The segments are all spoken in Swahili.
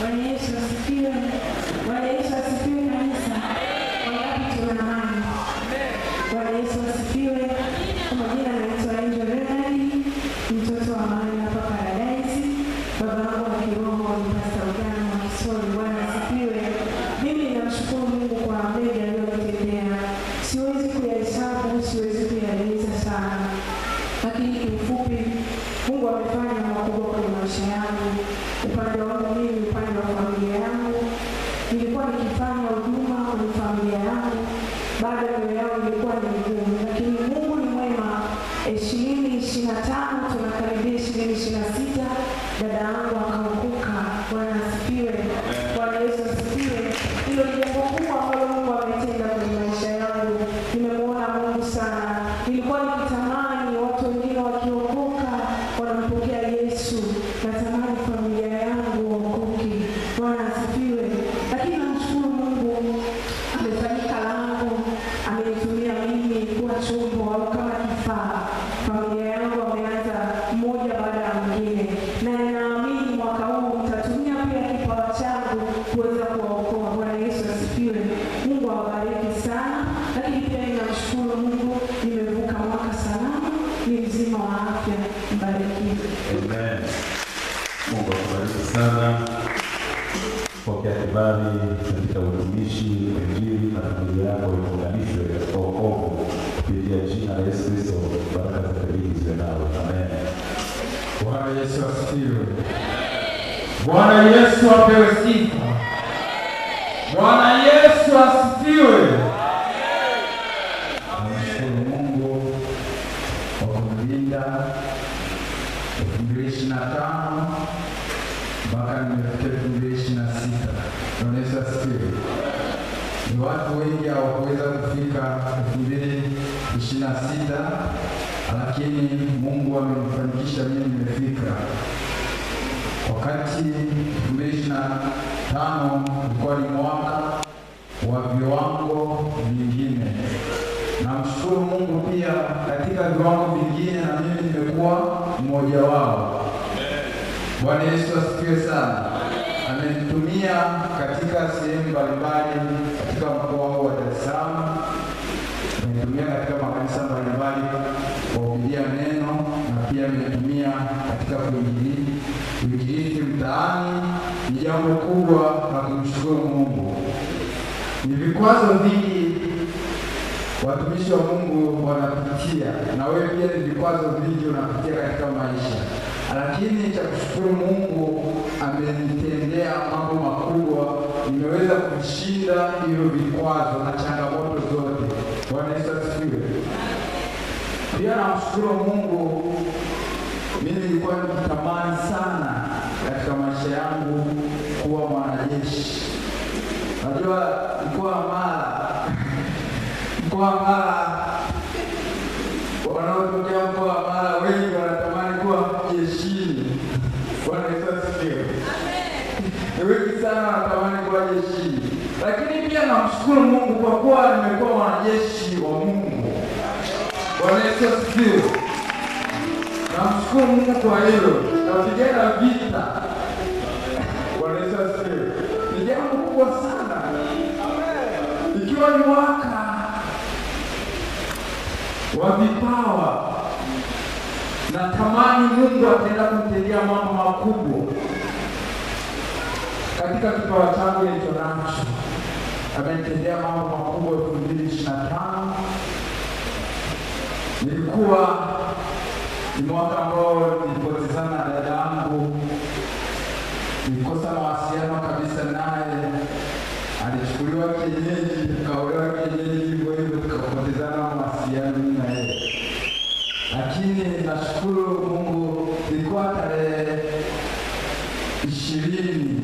Bwana Yesu asifiwe. Bwana Bye, everyone. asifiwe. Bwana Yesu apewe sifa. Bwana Yesu asifiwe. Namshukuru Mungu kwa kunilinda elfu mbili ishirini na tano mpaka nimefika elfu mbili ishirini na sita. Bwana Yesu asifiwe. Ni watu wengi hawakuweza kufika elfu mbili ishirini na sita lakini Mungu amenifanikisha mimi nimefika wakati tume na tano ulikuwa mwaka wa viwango vingine. Namshukuru Mungu pia katika viwango vingine na mimi nimekuwa mmoja wao. Bwana Yesu asifiwe sana. Amenitumia katika sehemu mbalimbali katika mkoa wangu wa Dar es Salaam, amenitumia katika makanisa mbalimbali kuhubiria neno na pia ametumia katika kuingia mtaani ni jambo kubwa la kumshukuru Mungu. Ni vikwazo vingi watumishi wa Mungu wanapitia, na wewe pia ni vikwazo vingi unapitia katika maisha, lakini cha kushukuru Mungu, amenitendea mambo makubwa, nimeweza kushinda hivyo vikwazo na changamoto zote. Bwana Yesu asifiwe. Pia namshukuru Mungu, mimi nilikuwa nikitamani sana katika maisha yangu kuwa mwanajeshi. Najua mkoa wa Mara, mkoa wa Mara, wanaotokea mkoa wa Mara wengi wanatamani kuwa jeshini. Bwana Yesu asifiwe. Amen. wengi sana wanatamani kuwa jeshini, lakini pia namshukuru Mungu kwa kuwa nimekuwa mwanajeshi wa Mungu. Bwana Yesu asifiwe. Namshukuru Mungu kwa hilo, napigana vita waliowaka wa vipawa na tamani, Mungu ataenda kumtendea mambo makubwa katika kipawa changu alicho nacho. Amenitendea mambo makubwa elfu mbili ishirini na tano. Nilikuwa ni mwaka ambao nilipotezana na dada yangu, nilikosa mawasiliano kabisa naye, alichukuliwa kienyeji lakini nashukuru Mungu, ilikuwa tarehe ishirini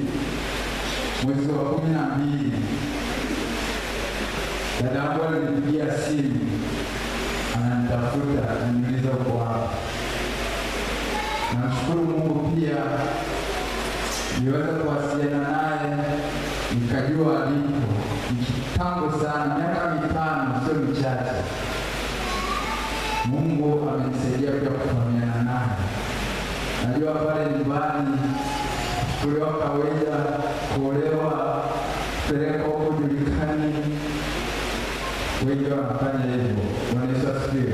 mwezi wa kumi na mbili dadangu alinipigia simu ananitafuta, ananiuliza uko hapa. Nashukuru Mungu pia niweza kuwasiliana naye nikajua alipo kitambo sana, miaka mitano sio michache. Mungu amenisaidia pia kufahamiana naye. Najua pale nyumbani kulewa kawaida, kuolewa, peleka huko julikani, wengi wanafanya hivyo. Bwana Yesu asifiwe.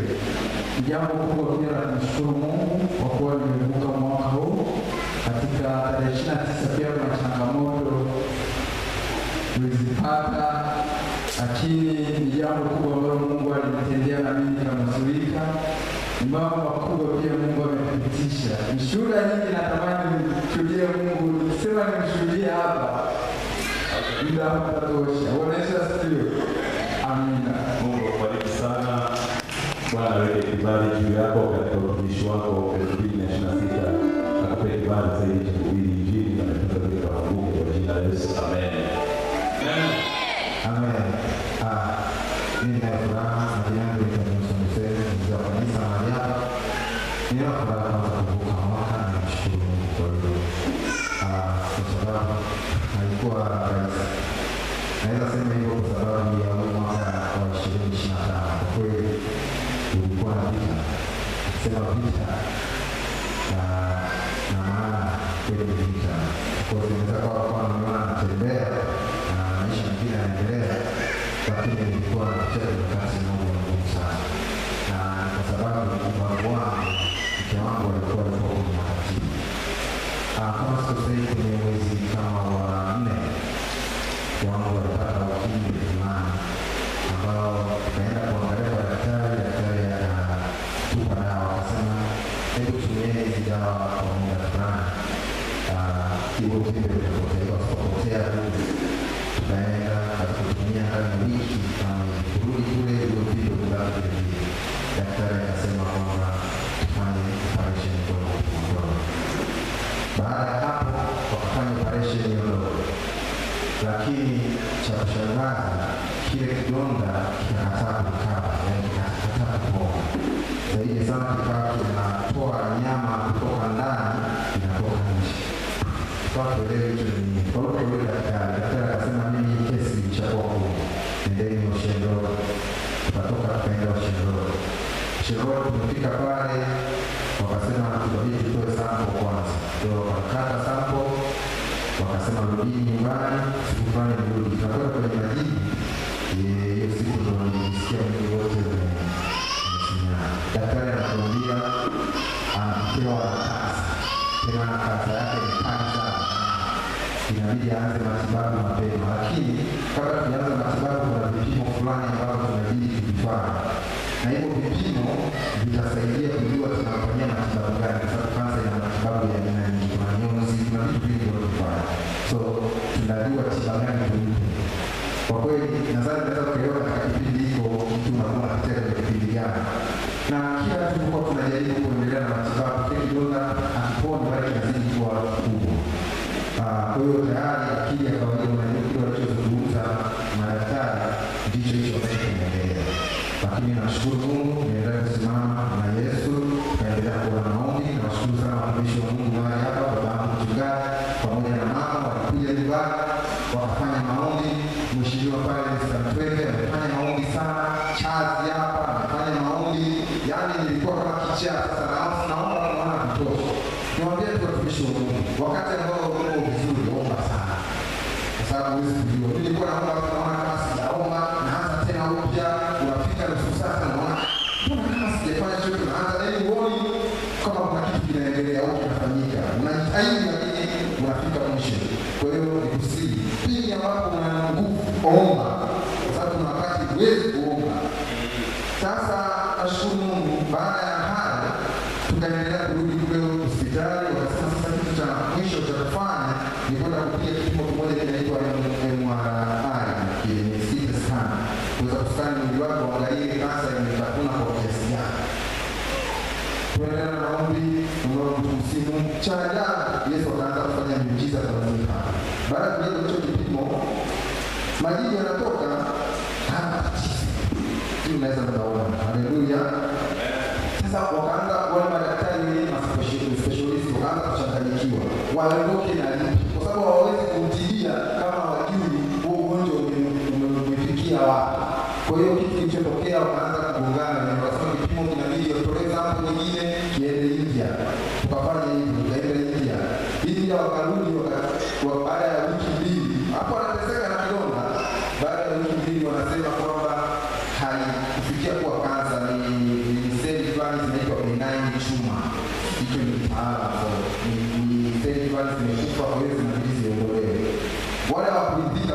Jambo kubwa pia la kumshukuru Mungu kwa kuwa nimevuka mwaka huu katika tarehe ishirini na tisa pia kuna changamoto tulizipata, lakini ni jambo kubwa Mama mkubwa pia Mungu amepitisha mishuhuda nyingi, natamani mshuhudie Mungu. Nikisema nimshuhudie hapa muda hatatosha. Naweza sema hivyo kwa sababu ya huu mwaka wa ishirini ishirini na tano kwa kweli ulikuwa na vita, sema vita na maana kweli vita, kwa sababu inaweza kuwa kwamba mama kituo kile kinachotaiwa kupotea tunaenda atutumia kama wiki kurudi kule iliyopigwa kulala vilevile. Daktari akasema kwamba tufanye operation ndogo ndogo. Baada ya hapo wakafanya operation hiyo ndogo, lakini cha kushangaza kile kidonda Kwa hiyo yule daktari, daktari akasema mimi kesi ilishakuwa kuu, endeni Ushengerwa. Tukatoka tukaenda Ushengerwa. Ushengerwa tumefika pale, wakasema tunabidi tutoe sample kwanza, ndio wakakata sample, wakasema rudini nyumbani, sikufanya mrudi tunakwenda na hivyo vipimo vitasaidia kujua tunafanyia matibabu gani, kwa sababu kansa ina matibabu ya aina nyingi, kuna mionzi, kuna vitu vingi vinavyofanya, so tunajua tiba gani tuipe kwa kweli waondoke na lipi, kwa sababu hawawezi kumtibia kama wajui huo ugonjwa umemfikia wapi. Kwa hiyo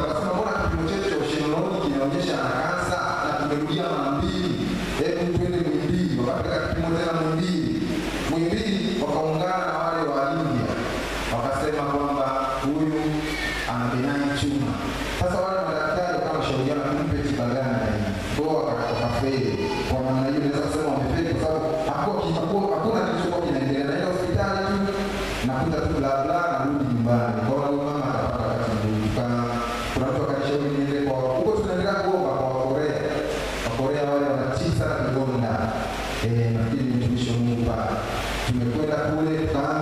ప్రశ్నము Martín, mi misión, mi padre. Si me cuenta, Julio, está.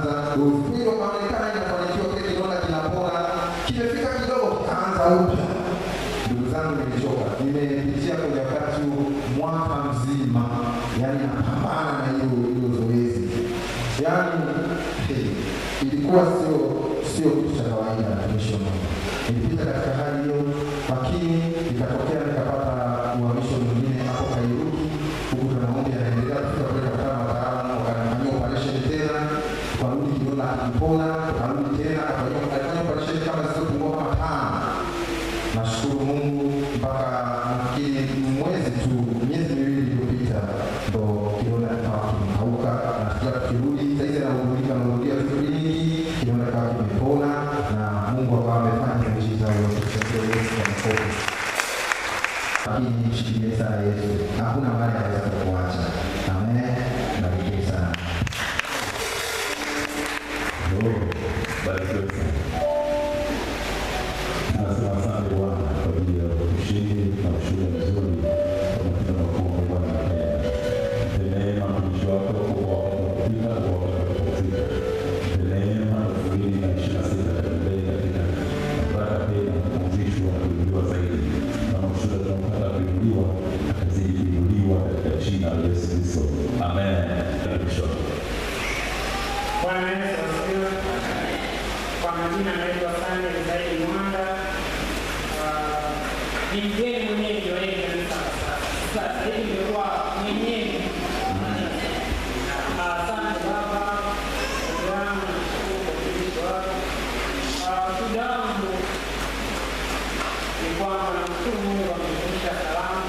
masomo wamefundisha salama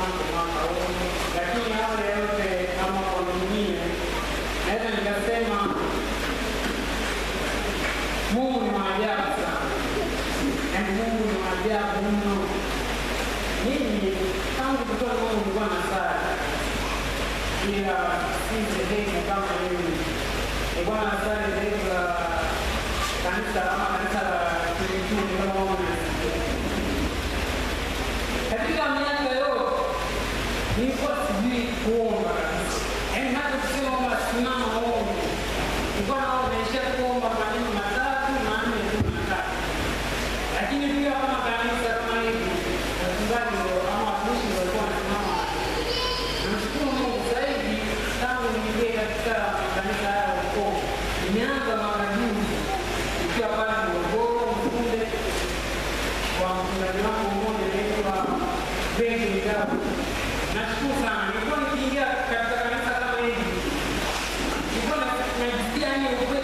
lakini awali yote, kama kwa mwingine, naweza nikasema Mungu ni maajabu sana, yaani Igual a homem, Thank you.